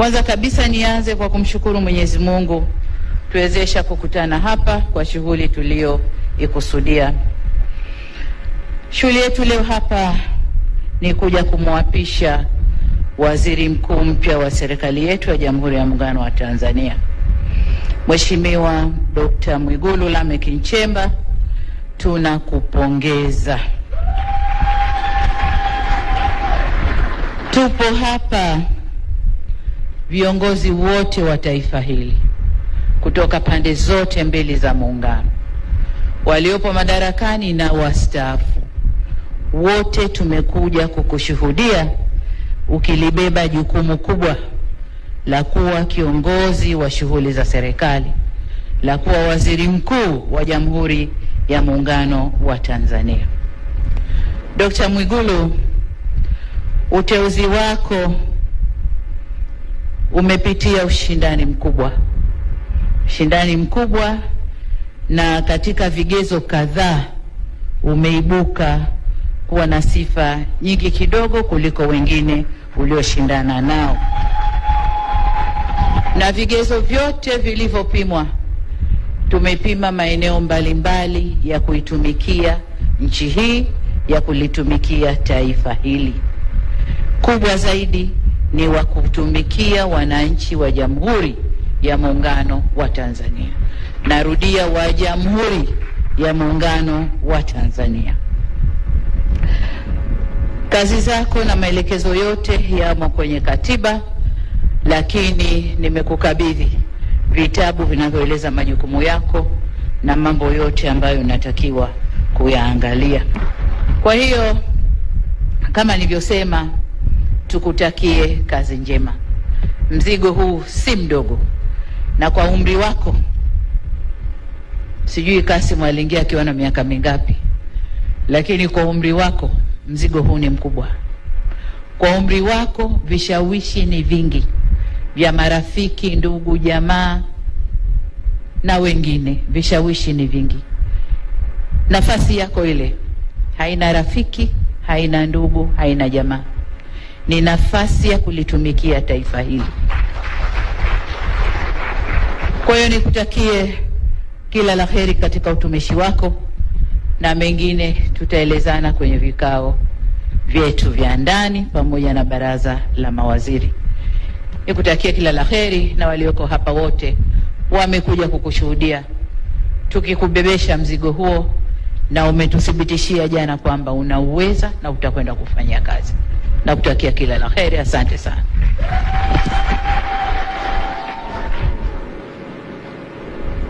Kwanza kabisa nianze kwa kumshukuru Mwenyezi Mungu tuwezesha kukutana hapa kwa shughuli tuliyoikusudia. Shughuli yetu leo hapa ni kuja kumwapisha waziri mkuu mpya wa serikali yetu ya Jamhuri ya Muungano wa Tanzania, Mheshimiwa Dr. Mwigulu Lameck Nchemba, tunakupongeza. Tupo hapa viongozi wote wa taifa hili kutoka pande zote mbili za Muungano, waliopo madarakani na wastaafu, wote tumekuja kukushuhudia ukilibeba jukumu kubwa la kuwa kiongozi wa shughuli za serikali, la kuwa waziri mkuu wa Jamhuri ya Muungano wa Tanzania. Dkt. Mwigulu, uteuzi wako umepitia ushindani mkubwa, ushindani mkubwa, na katika vigezo kadhaa umeibuka kuwa na sifa nyingi kidogo kuliko wengine ulioshindana nao, na vigezo vyote vilivyopimwa, tumepima maeneo mbalimbali ya kuitumikia nchi hii, ya kulitumikia taifa hili kubwa zaidi ni wa kutumikia wananchi wa Jamhuri ya Muungano wa Tanzania. Narudia, wa Jamhuri ya Muungano wa Tanzania. Kazi zako na maelekezo yote yamo kwenye katiba, lakini nimekukabidhi vitabu vinavyoeleza majukumu yako na mambo yote ambayo unatakiwa kuyaangalia. Kwa hiyo kama nilivyosema tukutakie kazi njema. Mzigo huu si mdogo, na kwa umri wako, sijui Kassim aliingia akiwa na miaka mingapi, lakini kwa umri wako mzigo huu ni mkubwa. Kwa umri wako vishawishi ni vingi vya marafiki, ndugu, jamaa na wengine, vishawishi ni vingi. Nafasi yako ile haina rafiki, haina ndugu, haina jamaa ni nafasi ya kulitumikia taifa hili. Kwa hiyo nikutakie kila la heri katika utumishi wako, na mengine tutaelezana kwenye vikao vyetu vya ndani pamoja na baraza la mawaziri. Nikutakie kila la heri, na walioko hapa wote wamekuja kukushuhudia tukikubebesha mzigo huo, na umetuthibitishia jana kwamba unauweza na utakwenda kufanya kazi na kutakia kila la heri. Asante sana.